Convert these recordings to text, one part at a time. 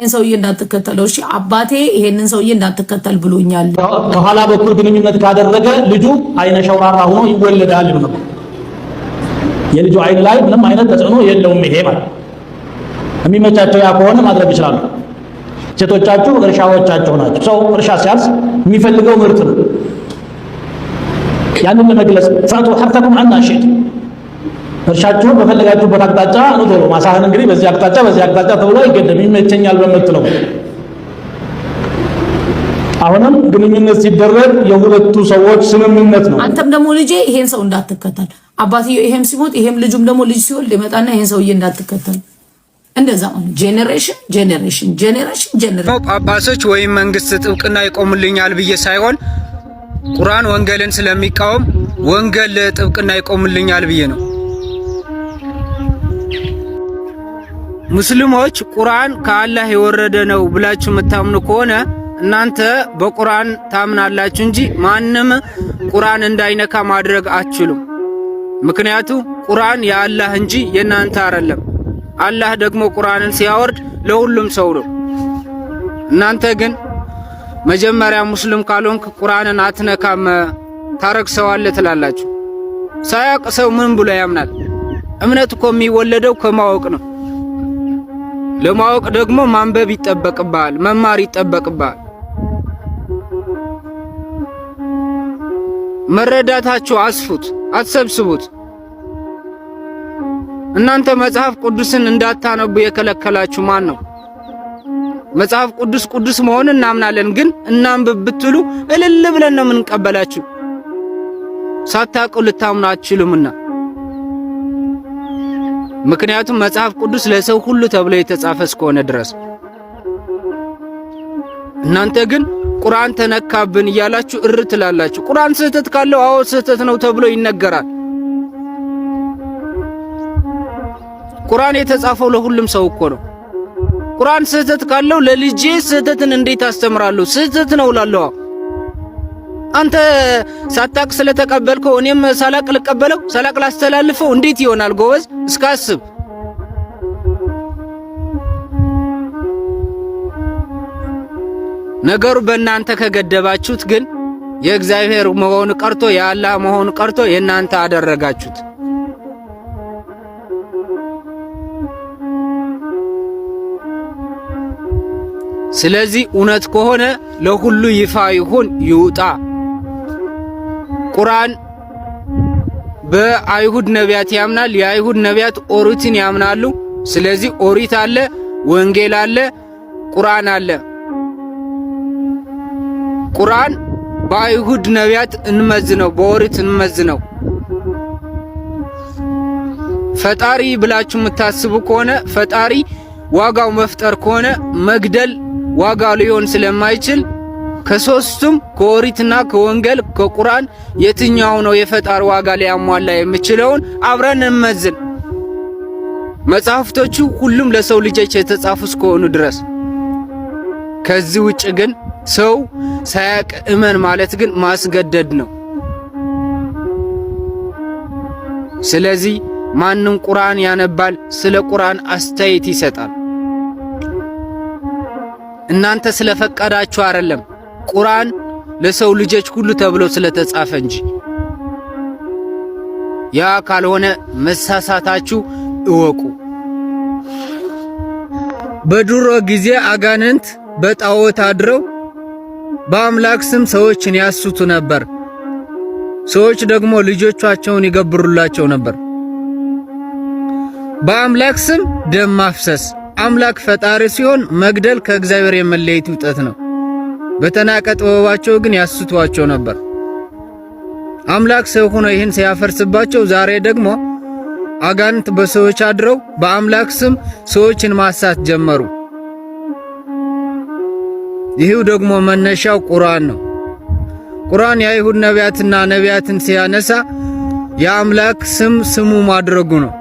ይህን ሰውዬ እንዳትከተለው እሺ፣ አባቴ ይሄንን ሰውዬ እንዳትከተል ብሎኛል። ከኋላ በኩል ግንኙነት ካደረገ ልጁ አይነ ሸውራራ ሆኖ ይወለዳል ነው። የልጁ አይን ላይ ምንም አይነት ተጽዕኖ የለውም። ይሄ ማለት የሚመቻቸው ያ ከሆነ ማድረግ ይችላሉ። ሴቶቻችሁ እርሻዎቻችሁ ናቸው። ሰው እርሻ ሲያርስ የሚፈልገው ምርት ነው። ያንን ለመግለጽ ፈቱ ሀብተኩም አናሽት እርሻችሁን በፈለጋችሁበት አቅጣጫ ኑሮ ማሳህን እንግዲህ በዚህ አቅጣጫ በዚህ አቅጣጫ ተብሎ አይገደም። ይመቸኛል በምትለው አሁንም ግንኙነት ሲደረግ የሁለቱ ሰዎች ስምምነት ነው። አንተም ደግሞ ልጄ ይሄን ሰው እንዳትከተል፣ አባትየው ይሄም ሲሞት ይሄም ልጁም ደግሞ ልጅ ሲወልድ ይመጣና ይሄን ሰውዬ እንዳትከተል እንደዛ ጄኔሬሽን ጄኔሬሽን ጄኔሬሽን ጄኔሬሽን ጳጳሶች ወይም መንግስት ጥብቅና ይቆሙልኛል ብዬ ሳይሆን ቁርአን ወንጌልን ስለሚቃወም ወንጌል ጥብቅና ይቆሙልኛል ብዬ ነው። ሙስሊሞች ቁርአን ከአላህ የወረደ ነው ብላችሁ የምታምኑ ከሆነ እናንተ በቁርአን ታምናላችሁ እንጂ ማንም ቁርአን እንዳይነካ ማድረግ አትችሉም። ምክንያቱ ቁርአን የአላህ እንጂ የእናንተ አይደለም። አላህ ደግሞ ቁርአንን ሲያወርድ ለሁሉም ሰው ነው። እናንተ ግን መጀመሪያ ሙስሊም ካልሆንክ ቁርአንን አትነካም ታረክሰዋለህ ትላላችሁ። ሳያውቅ ሰው ምን ብሎ ያምናል? እምነት እኮ የሚወለደው ከማወቅ ነው። ለማወቅ ደግሞ ማንበብ ይጠበቅብሃል፣ መማር ይጠበቅብሃል። መረዳታችሁ አስፉት፣ አትሰብስቡት። እናንተ መጽሐፍ ቅዱስን እንዳታነቡ የከለከላችሁ ማን ነው? መጽሐፍ ቅዱስ ቅዱስ መሆን እናምናለን፣ ግን እናንብብ ብትሉ እልል ብለን ነው የምንቀበላችሁ። ሳታውቁ ልታምኑ አትችሉምና ምክንያቱም መጽሐፍ ቅዱስ ለሰው ሁሉ ተብሎ የተጻፈ እስከሆነ ድረስ እናንተ ግን ቁርአን ተነካብን እያላችሁ እር ትላላችሁ። ቁርአን ስህተት ካለው አዎ ስህተት ነው ተብሎ ይነገራል። ቁርአን የተጻፈው ለሁሉም ሰው እኮ ነው። ቁርአን ስህተት ካለው ለልጄ ስህተትን እንዴት አስተምራለሁ? ስህተት ነው እላለሁ። አንተ ሳታቅ ስለተቀበልከው እኔም ሳላቅ ልቀበለው ሳላቅ ላስተላልፈው እንዴት ይሆናል? ጎበዝ እስካስብ ነገሩ በእናንተ ከገደባችሁት ግን የእግዚአብሔር መሆን ቀርቶ የአላህ መሆን ቀርቶ የእናንተ አደረጋችሁት። ስለዚህ እውነት ከሆነ ለሁሉ ይፋ ይሁን ይውጣ። ቁርአን በአይሁድ ነቢያት ያምናል። የአይሁድ ነቢያት ኦሪትን ያምናሉ። ስለዚህ ኦሪት አለ፣ ወንጌል አለ፣ ቁርአን አለ። ቁርአን በአይሁድ ነቢያት እንመዝነው፣ በኦሪት እንመዝነው። ፈጣሪ ብላችሁ የምታስቡ ከሆነ ፈጣሪ ዋጋው መፍጠር ከሆነ መግደል ዋጋ ሊሆን ስለማይችል ከሶስቱም ከኦሪትና ከወንጌል ከቁርአን የትኛው ነው የፈጣሪ ዋጋ ሊያሟላ የምችለውን አብረን እንመዝን። መጽሐፍቶቹ ሁሉም ለሰው ልጆች የተጻፉ እስከሆኑ ድረስ ከዚህ ውጭ ግን ሰው ሳያቅ እመን ማለት ግን ማስገደድ ነው። ስለዚህ ማንም ቁርአን ያነባል፣ ስለ ቁርአን አስተያየት ይሰጣል። እናንተ ስለፈቀዳችሁ አይደለም። ቁርአን ለሰው ልጆች ሁሉ ተብሎ ስለተጻፈ እንጂ። ያ ካልሆነ መሳሳታችሁ እወቁ። በድሮ ጊዜ አጋንንት በጣዖት አድረው በአምላክ ስም ሰዎችን ያስቱ ነበር። ሰዎች ደግሞ ልጆቻቸውን ይገብሩላቸው ነበር። በአምላክ ስም ደም ማፍሰስ አምላክ ፈጣሪ ሲሆን መግደል ከእግዚአብሔር የመለየት ውጠት ነው። በተናቀ ጥበባቸው ግን ያስቱዋቸው ነበር። አምላክ ሰው ሆኖ ይህን ሲያፈርስባቸው፣ ዛሬ ደግሞ አጋንንት በሰዎች አድረው በአምላክ ስም ሰዎችን ማሳት ጀመሩ። ይህው ደግሞ መነሻው ቁርአን ነው። ቁርአን የአይሁድ ነቢያትና ነቢያትን ሲያነሳ የአምላክ ስም ስሙ ማድረጉ ነው።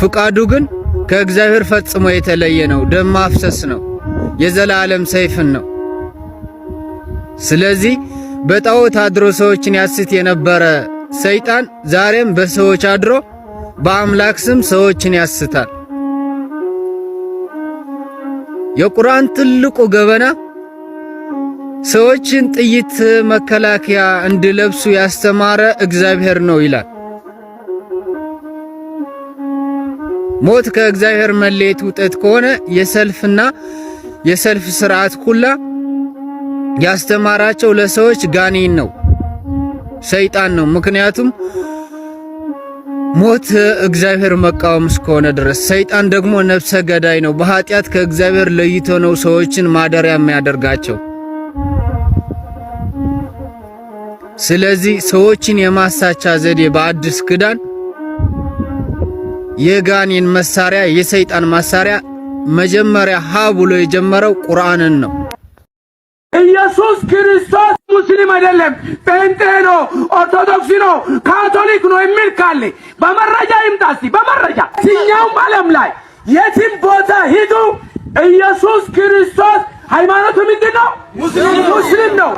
ፍቃዱ ግን ከእግዚአብሔር ፈጽሞ የተለየ ነው። ደም ማፍሰስ ነው። የዘላለም ሰይፍን ነው። ስለዚህ በጣዖት አድሮ ሰዎችን ያስት የነበረ ሰይጣን ዛሬም በሰዎች አድሮ በአምላክ ስም ሰዎችን ያስታል። የቁርአን ትልቁ ገበና ሰዎችን ጥይት መከላከያ እንዲለብሱ ያስተማረ እግዚአብሔር ነው ይላል። ሞት ከእግዚአብሔር መለየት ውጤት ከሆነ የሰልፍና የሰልፍ ስርዓት ኩላ። ያስተማራቸው ለሰዎች ጋኔን ነው፣ ሰይጣን ነው። ምክንያቱም ሞት እግዚአብሔር መቃወም እስከሆነ ድረስ ሰይጣን ደግሞ ነፍሰ ገዳይ ነው። በኃጢአት ከእግዚአብሔር ለይቶ ነው ሰዎችን ማደሪያ የሚያደርጋቸው። ስለዚህ ሰዎችን የማሳቻ ዘዴ በአዲስ ክዳን የጋኔን መሳሪያ የሰይጣን መሳሪያ መጀመሪያ ሀ ብሎ የጀመረው ቁርአንን ነው። ኢየሱስ ክርስቶስ ሙስሊም አይደለም፣ ጴንጤ ነው፣ ኦርቶዶክስ ነው፣ ካቶሊክ ነው የሚል ካለ በመረጃ ይምጣ። እስቲ በመረጃ የትኛውም ዓለም ላይ የትም ቦታ ሂዱ። ኢየሱስ ክርስቶስ ሃይማኖቱ ምንድን ነው? ሙስሊም ነው።